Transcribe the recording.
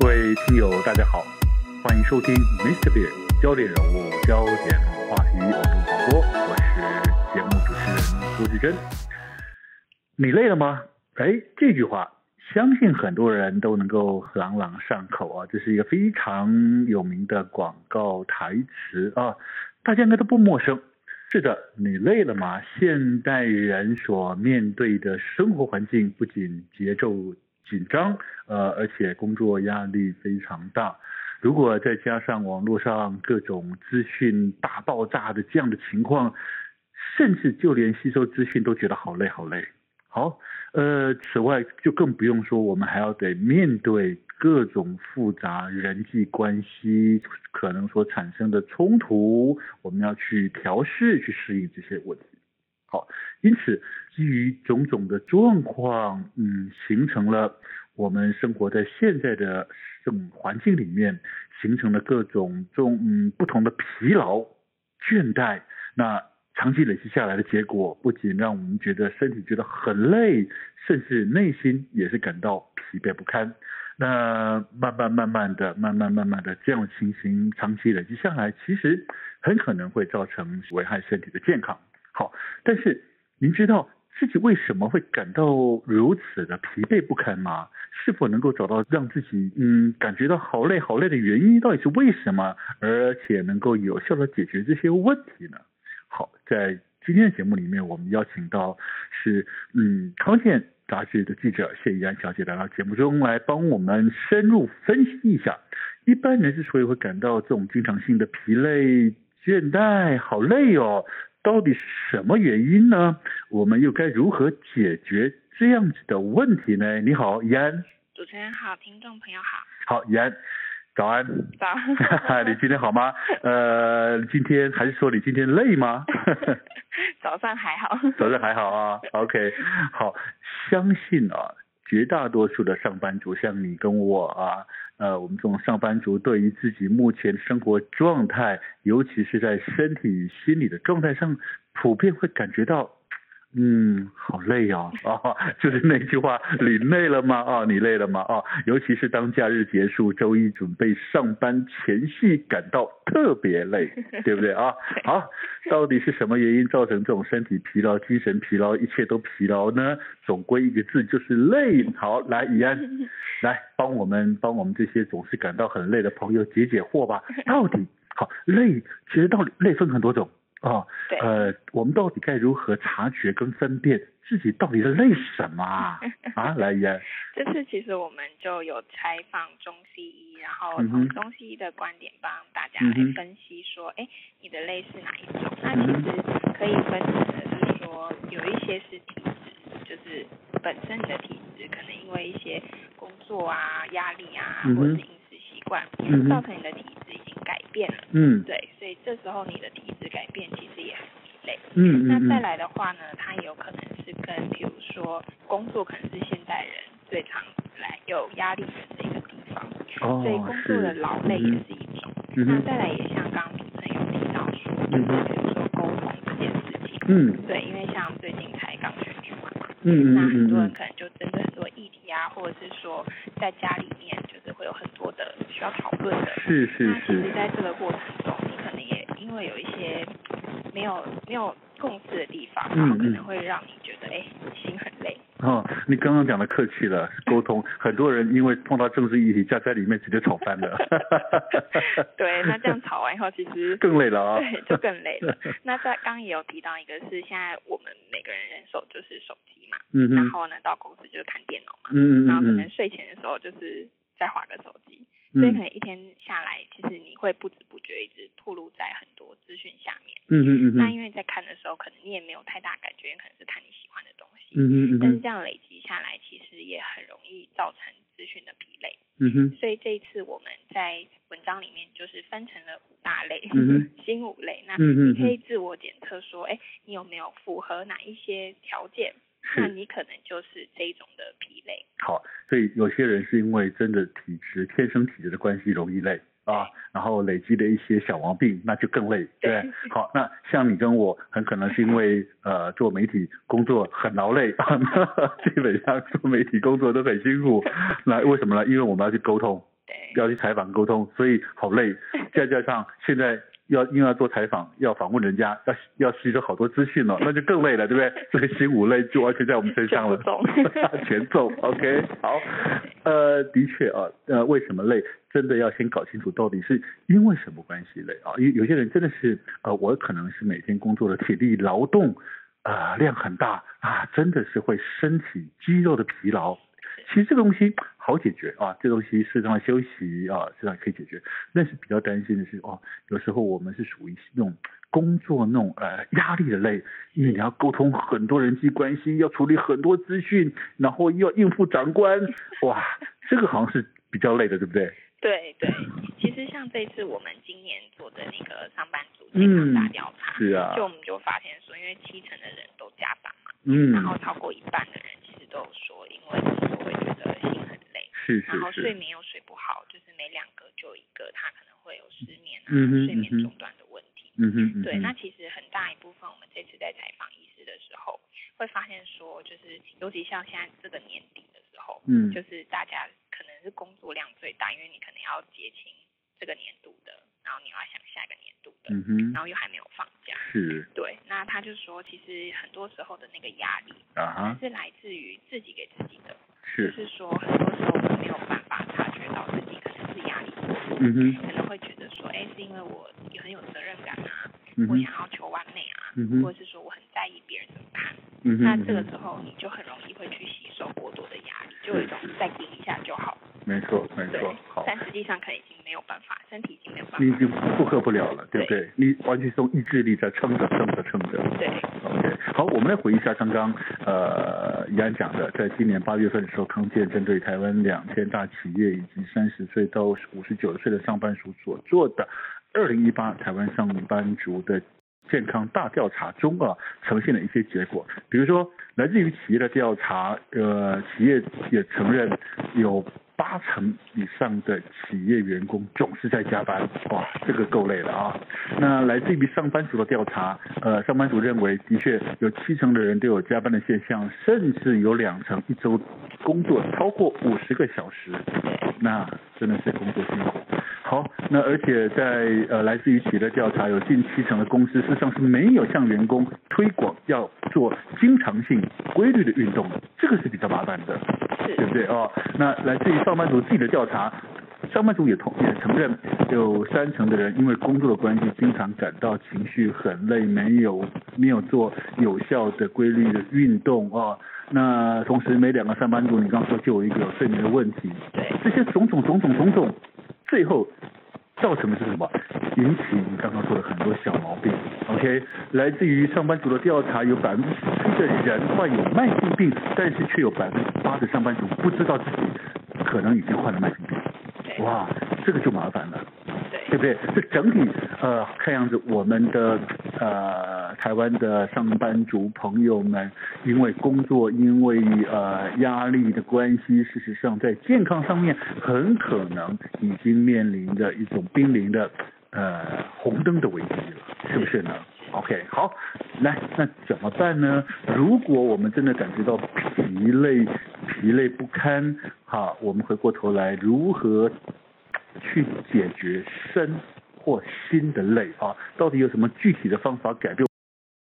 各位聽友，大家好，歡迎收聽 Mr.Big 焦點人物、焦點話題廣播，我是節目主持人朱志珍。你累了嗎？誒，這句話相信很多人都能夠朗朗上口啊，這是一個非常有名的廣告台詞啊，大家應該都不陌生。是的，你累了嗎？現代人所面對的生活環境不僅節奏。緊張，呃，而且工作壓力非常大。如果再加上網絡上各種資訊大爆炸的這樣的情況，甚至就連吸收資訊都覺得好累好累。好，呃，此外就更不用說，我們還要得面對各種複雜人際關係可能所產生的衝突，我們要去調適、去適應這些問題。好，因此基於種種的狀況，嗯，形成了我們生活在現在的這種環境裡面，形成了各種種，嗯，不同的疲勞、倦怠，那長期累積下來的結果，不僅讓我們覺得身體覺得很累，甚至內心也是感到疲憊不堪。那慢慢慢慢的、慢慢慢慢的這樣的情形，長期累積下來，其實很可能會造成危害身體的健康。好，但是您知道自己為什麼會感到如此的疲憊不堪嗎？是否能夠找到讓自己嗯感覺到好累好累的原因，到底是為什麼？而且能夠有效的解決這些問題呢？好，在今天的節目裡面，我們邀請到是嗯《康健》雜誌的記者謝懿安小姐來到節目中來幫我們深入分析一下，一般人之所以會感到這種經常性的疲累、倦怠、好累哦。到底是什麼原因呢？我們又該如何解決這樣子的問題呢？你好，懿安。主持人好，聽眾朋友好。好，懿安，早安。早。 你今天好嗎？呃，今天還是說你今天累嗎？ 早上還好。早上還好啊。OK，好，相信啊。絕大多數的上班族，像你跟我啊，呃，我們這種上班族，對於自己目前生活狀態，尤其是在身體與心理的狀態上，普遍會感覺到。嗯，好累哦，啊、哦，就是那句話，你累了嗎？啊、哦，你累了嗎？啊、哦，尤其是當假日結束，週一準備上班前夕，感到特別累，對不對啊、哦？好，到底是什麼原因造成這種身體疲勞、精神疲勞、一切都疲勞呢？總歸一個字就是累。好，來，懿安，來幫我們幫我們這些總是感到很累的朋友解解惑吧。到底好累，其實到底累分很多種。哦，對，呃，我們到底該如何察覺跟分辨自己到底是累什麼啊？ 啊，來源？這次其實我們就有採訪中西醫，然後從中西醫的觀點幫大家來分析說，哎、嗯，你的累是哪一種、嗯？那其實可以分析的是說，有一些是體質，就是本身你的體質可能因為一些工作啊、壓力啊，嗯、或者飲食習慣，也造成你的體質已經改變了。嗯，對，所以這時候你的體改變其實也很累。嗯，嗯，嗯，那再來的話呢，它有可能是跟，比如說工作，可能是現代人最常來有壓力的這個地方，哦，所以工作的勞累也是一種，嗯嗯嗯。那再來也像剛剛主持人有提到說，嗯嗯、就是比如說溝通這件事情。嗯。對，因為像最近才剛選舉嘛。嗯，嗯，那很多人可能就針對說議題啊、嗯嗯嗯，或者是說在家裡面，就是會有很多的需要討論的。是是是。那其實在這個過程。會有一些沒有沒有共識的地方，然後可能會讓你覺得哎，嗯、心很累。哦，你剛剛講的客氣了， 溝通，很多人因為碰到政治議題，加在裡面直接吵翻了。 對，那這樣吵完以後，其實更累了啊，對，就更累了。那在剛剛也有提到一個是，是現在我們每個人人手就是手機嘛，嗯然後呢到公司就是看電腦嘛，嗯，嗯，嗯然後可能睡前的時候就是再滑個手機。所以可能一天下來，其實你會不知不覺一直暴露在很多資訊下面。嗯嗯嗯。那因為在看的時候，可能你也沒有太大感覺，可能是看你喜歡的東西。嗯嗯嗯。但是這樣累積下來，其實也很容易造成資訊的疲累。嗯嗯。所以這一次我們在文章裡面就是分成了五大類，嗯，新五類。那你可以自我檢測說，哎、欸，你有沒有符合哪一些條件？那你可能就是這種的疲累。好，所以有些人是因為真的體質天生體質的關係容易累啊，然後累積的一些小毛病，那就更累對，對。好，那像你跟我，很可能是因為 呃，做媒體工作很勞累， 基本上做媒體工作都很辛苦。 那為什麼呢？因為我們要去溝通對，要去採訪溝通，所以好累，再加上現在。要硬要做採訪，要訪問人家，要要吸收好多資訊咯，那就更累了， 對不對？所以辛苦累就完全在我們身上了， 前奏，OK，好，呃，的確啊，呃，為什麼累，真的要先搞清楚到底是因為什麼關係累啊？有有些人真的是，呃，我可能是每天工作的體力勞動，啊、呃，量很大啊，真的是會身體肌肉的疲勞，其實這個東西。好解決啊，這東西適當的休息啊，適當也可以解決。那是比較擔心的是哦，有時候我們是屬於那種工作那種呃壓力的累，因為你要溝通很多人際關係，要處理很多資訊，然後又要應付長官，哇， 這個好像是比較累的，對不對？對對，其實像這次我們今年做的那個上班族健康大調查，嗯，是啊，就我們就發現說，因為七成的人都加班嘛，嗯，然後超過一半。然後睡眠又睡不好，就是每兩個就一個，他可能會有失眠啊、嗯、睡眠中斷的問題。嗯對嗯對，那其實很大一部分，我們這次在採訪醫師的時候，會發現說，就是尤其像現在這個年底的時候，嗯，就是大家可能是工作量最大，因為你可能要結清這個年度的，然後你要想下一個年度的，嗯，然後又還沒有放假。是。對，那他就說，其實很多時候的那個壓力，啊是來自於自己給自己的。嗯是，就是說很多時候我們沒有辦法察覺到自己可能是壓力過大，嗯哼，可能會覺得說，哎、欸，是因為我也很有責任感啊、嗯，我也要求完美啊、嗯哼，或者是說我很在意別人怎麼看、嗯，那這個時候你就很容易會去吸收過多的壓力、嗯，就有一種再頂一下就好了。沒錯，沒錯，好。但實際上可能已經沒有辦法，身體已經沒有辦法。你已經負荷不了了，對不對？對對，你完全是用意志力在撐着，撐着，撐着。對。好，我們來回憶一下剛剛呃，懿安講的，在今年八月份的時候，康健針對台灣兩千大企業以及三十歲到五十九歲的上班族所做的二零一八台灣上班族的健康大調查中啊、呃，呈現了一些結果，比如說來自於企業的調查，呃，企業也承認有。八成以上的企業員工總是在加班，哇，這個夠累了啊。那來自於上班族的調查，呃，上班族認為的確有七成的人都有加班的現象，甚至有兩成一週工作超過五十個小時，那真的是工作辛苦。好，那而且在，呃，來自於企業的調查，有近七成的公司事實上是沒有向員工推廣要做經常性規律的運動的，這個是比較麻煩的。對不對哦？那來自於上班族自己的調查，上班族也同也承認有三成的人因為工作的關係，經常感到情緒很累，沒有沒有做有效的規律的運動啊，哦。那同時每兩個上班族，你剛剛說就有一個睡眠的問題，這些種種種種種種，最後。造成的是什麼？引起你剛剛說的很多小毛病。OK，來自於上班族的調查，有百分之十七的人患有慢性病，但是卻有百分之八的上班族不知道自己可能已經患了慢性病。哇，這個就麻煩了。對不對？這整體，呃，看樣子我們的呃台灣的上班族朋友們，因為工作，因為呃壓力的關係，事實上在健康上面很可能已經面臨着一種瀕臨的呃紅燈的危機了，是不是呢？OK，好，來，那怎麼辦呢？如果我們真的感覺到疲累、疲累不堪，好、啊，我們回過頭來如何？去解決身或心的累啊，到底有什麼具體的方法改變？